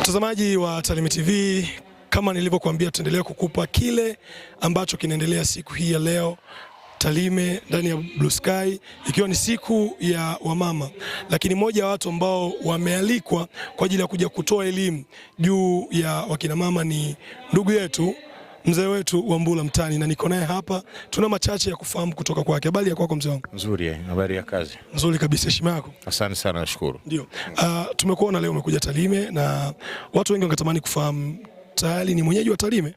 Mtazamaji wa Talimi TV, kama nilivyokuambia, tutaendelea kukupa kile ambacho kinaendelea siku hii ya leo Talime ndani ya Blue Sky ikiwa ni siku ya wamama, lakini moja ya watu ambao wamealikwa kwa ajili ya kuja kutoa elimu juu ya wakina mama ni ndugu yetu mzee wetu wa mbula Mtani, na niko naye hapa, tuna machache ya kufahamu kutoka kwake. Habari ya kwako mzee wangu? Nzuri. Eh, habari ya kazi? Nzuri kabisa. Heshima yako. Asante sana, nashukuru. Ndio, uh, ah, tumekuona leo umekuja Tarime na watu wengi wangetamani kufahamu tayari ni mwenyeji wa Tarime?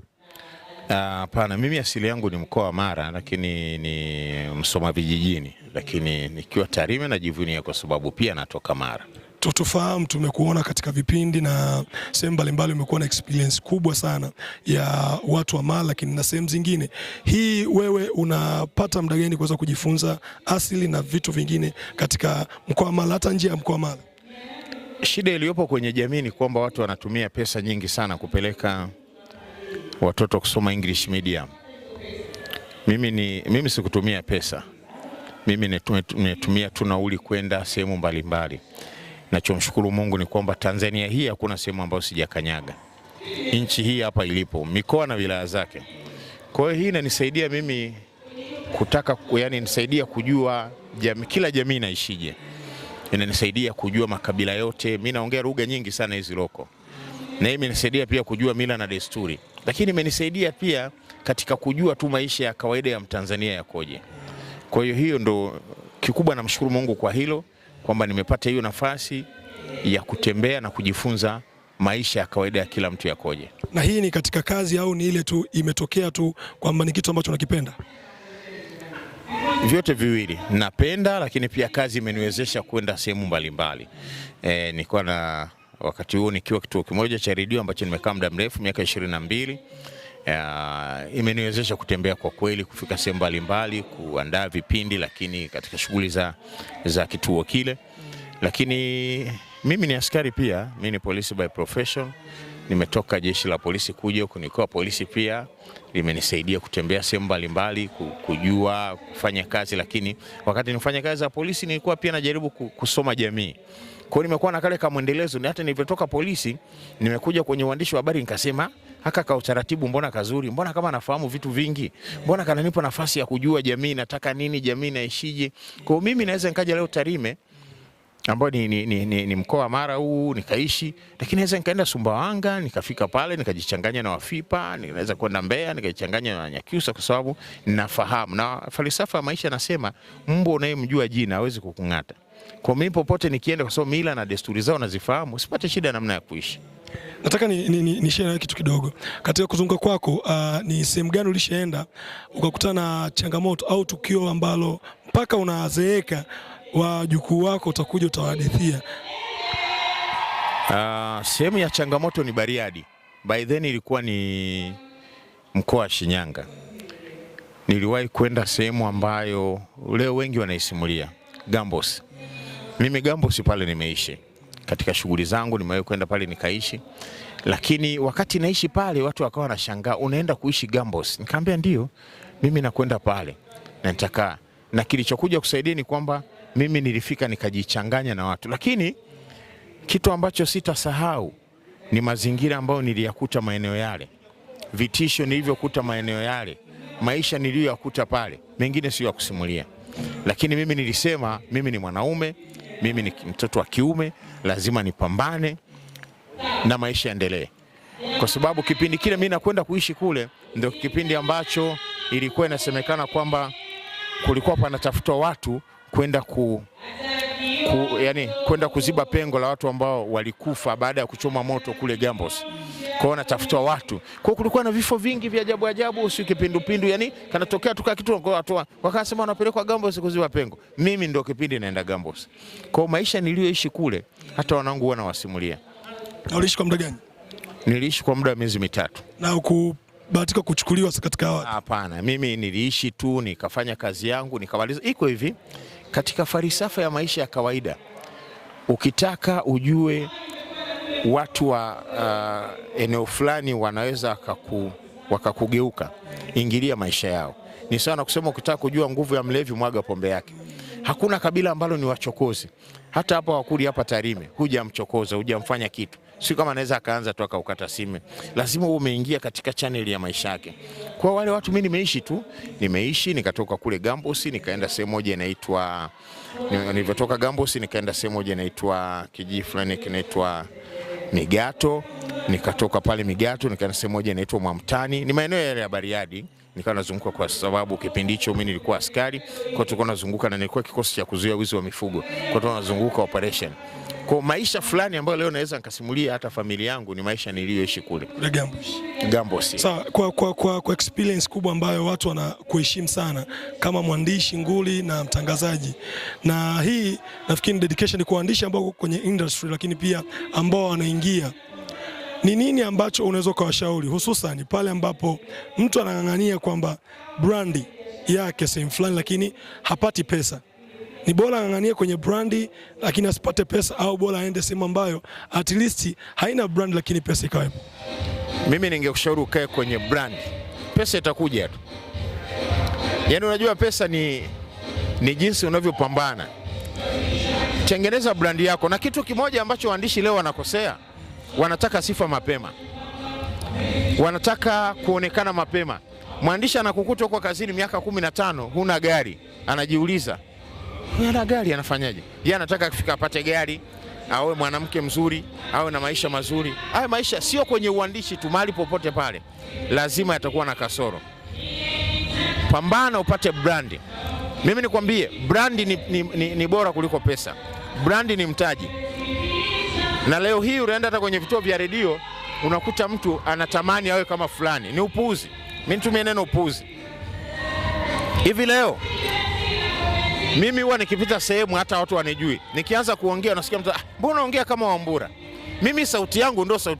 Ah, hapana, uh, mimi asili yangu ni mkoa wa Mara, lakini ni Msoma vijijini, lakini nikiwa Tarime najivunia kwa sababu pia natoka Mara tutufahamu, tumekuona katika vipindi na sehemu mbalimbali, umekuwa na experience kubwa sana ya watu wa mala lakini na sehemu zingine. Hii wewe unapata muda gani kuweza kujifunza asili na vitu vingine katika mkoa wa Mara, hata nje ya mkoa wa Mara? Shida iliyopo kwenye jamii ni kwamba watu wanatumia pesa nyingi sana kupeleka watoto kusoma English medium. Mimi, ni, mimi sikutumia pesa, mimi nimetumia tu nauli kwenda sehemu mbalimbali. Nachomshukuru Mungu ni kwamba Tanzania hii hakuna sehemu ambayo sijakanyaga, nchi hii hapa ilipo, mikoa na wilaya zake. Kwa hiyo hii inanisaidia mimi kutaka, yani nisaidia kujua jam, kila jamii inaishije, inanisaidia kujua makabila yote. Mimi naongea lugha nyingi sana hizi loko, na hii imenisaidia pia kujua mila na desturi, lakini imenisaidia pia katika kujua tu maisha ya kawaida ya Mtanzania yakoje. Kwa hiyo hiyo ndo kikubwa, namshukuru Mungu kwa hilo kwamba nimepata hiyo nafasi ya kutembea na kujifunza maisha ya kawaida ya kila mtu yakoje. Na hii ni katika kazi au ni ile tu imetokea tu kwamba ni kitu ambacho nakipenda? Vyote viwili napenda, lakini pia kazi imeniwezesha kwenda sehemu mbalimbali. E, nilikuwa na wakati huo nikiwa kituo kimoja cha redio ambacho nimekaa muda mrefu miaka ishirini na mbili Eh, imeniwezesha kutembea kwa kweli, kufika sehemu mbalimbali, kuandaa vipindi, lakini katika shughuli za, za kituo kile. Lakini mimi ni askari pia, mimi ni polisi by profession. Nimetoka jeshi la polisi kuja huku nikuwa polisi pia, limenisaidia kutembea sehemu mbalimbali, kujua kufanya kazi. Lakini wakati nifanya kazi za polisi, nilikuwa pia najaribu kusoma jamii kwa nimekuwa na kale kama mwendelezo. Hata nilivyotoka polisi, nimekuja kwenye uandishi wa habari nikasema haka ka utaratibu mbona kazuri, mbona kama anafahamu vitu vingi, mbona kananipa nafasi ya kujua jamii nataka nini, jamii naishije. Kwa hiyo mimi naweza nikaja leo Tarime ambao ni, ni, ni, ni, ni mkoa Mara huu nikaishi, lakini naweza nikaenda Sumbawanga nikafika pale nikajichanganya na Wafipa, naweza kwenda Mbeya nikajichanganya na Wanyakyusa kwa sababu ninafahamu, na falsafa ya maisha nasema mbwa unayemjua jina hawezi kukung'ata. Kwa mimi popote nikienda, kwa sababu mila na desturi zao nazifahamu, sipate shida namna ya kuishi. Nataka ni, ni, ni, ni share kitu kidogo. Katika kuzunguka kwako, uh, ni sehemu gani ulishaenda ukakutana na changamoto au tukio ambalo mpaka unazeeka wajukuu wako utakuja utawahadithia? Uh, sehemu ya changamoto ni Bariadi. By then ilikuwa ni mkoa wa Shinyanga. Niliwahi kwenda sehemu ambayo leo wengi wanaisimulia Gambos. Mimi Gambos pale nimeishi katika shughuli zangu, nimewahi kwenda pale nikaishi, lakini wakati naishi pale watu wakawa wanashangaa, unaenda kuishi Gambos? Nikamwambia ndio, mimi nakwenda pale na nitaka na kilichokuja kusaidia ni kwamba mimi nilifika nikajichanganya na watu, lakini kitu ambacho sitasahau ni mazingira ambayo niliyakuta maeneo yale, vitisho nilivyokuta maeneo yale, maisha niliyoyakuta pale, mengine sio ya kusimulia. Lakini mimi nilisema mimi ni mwanaume mimi ni mtoto wa kiume, lazima nipambane na maisha yaendelee, kwa sababu kipindi kile mimi nakwenda kuishi kule ndio kipindi ambacho ilikuwa inasemekana kwamba kulikuwa panatafutwa watu kwenda ku, ku, yani, kwenda kuziba pengo la watu ambao walikufa baada ya kuchoma moto kule Gambos kwao wanatafutwa watu. Kwao kulikuwa na vifo vingi vya ajabu ajabu, si kipindupindu, yani kanatokea tu kitu kwa watu wakasema wanapelekwa Gambos kuziba pengo. Mimi ndio kipindi naenda Gambos. Kwao maisha niliyoishi kule hata wanangu wana wasimulia. Na uliishi kwa muda gani? Niliishi kwa muda wa miezi mitatu. Na uku bahatika kuchukuliwa katika watu? Hapana, mimi niliishi tu nikafanya kazi yangu nikamaliza. Iko hivi katika falsafa ya maisha ya kawaida, ukitaka ujue watu wa uh, eneo fulani wanaweza wakaku, wakakugeuka. Ingilia maisha yao. Ni sawa na kusema ukitaka kujua nguvu ya mlevi mwaga pombe yake. Hakuna kabila ambalo ni wachokozi. Hata hapa Wakuli hapa Tarime, hujamchokoza hujamfanya kitu, si kama anaweza akaanza tu akaukata simu. Lazima uwe umeingia katika channel ya maisha yake. Kwa wale watu, mimi nimeishi tu, nimeishi nikatoka kule Gambosi nikaenda sehemu moja inaitwa, nilivyotoka Gambosi nikaenda sehemu moja inaitwa kijiji fulani kinaitwa Migato, nikatoka pale Migato nikaenda sehemu moja inaitwa Mwamtani, ni maeneo yale ya Bariadi nikawa nazunguka kwa sababu kipindi hicho mimi nilikuwa askari, kwa tulikuwa nazunguka na nilikuwa kikosi cha kuzuia wizi wa mifugo, kwa tulikuwa nazunguka operation. Kwa maisha fulani ambayo leo naweza nikasimulia hata familia yangu ni maisha niliyoishi kule Gambos. Gambos. Sawa, kwa, kwa, kwa, kwa experience kubwa ambayo watu wanakuheshimu sana kama mwandishi nguli na mtangazaji, na hii nafikiri dedication kwa waandishi ambao kwenye industry, lakini pia ambao wanaingia ni nini ambacho unaweza ukawashauri hususan pale ambapo mtu anang'ang'ania kwamba brandi yake sehemu fulani, lakini hapati pesa ni bora ang'ang'anie kwenye brandi lakini asipate pesa, au bora aende sehemu ambayo at least haina brandi lakini pesa ikawepo. Mimi ningekushauri ukae kwenye brandi pesa itakuja tu. Yaani unajua pesa ni, ni jinsi unavyopambana. Tengeneza brandi yako, na kitu kimoja ambacho waandishi leo wanakosea, wanataka sifa mapema, wanataka kuonekana mapema. Mwandishi anakukuta huko kazini miaka kumi na tano huna gari, anajiuliza huyu ana gari anafanyaje? Yeye anataka kufika apate gari, awe mwanamke mzuri, awe na maisha mazuri. Haya maisha sio kwenye uandishi tu, mahali popote pale lazima yatakuwa na kasoro. Pambana upate brandi. Mimi nikwambie, brandi ni, ni, ni, ni bora kuliko pesa. Brandi ni mtaji, na leo hii unaenda hata kwenye vituo vya redio unakuta mtu anatamani awe kama fulani. Ni upuuzi. Mimi nitumie neno upuuzi. Hivi leo mimi huwa nikipita sehemu hata watu wanijui, nikianza kuongea nasikia mtu, ah, mbona unaongea kama Wambura? Mimi sauti yangu ndio sauti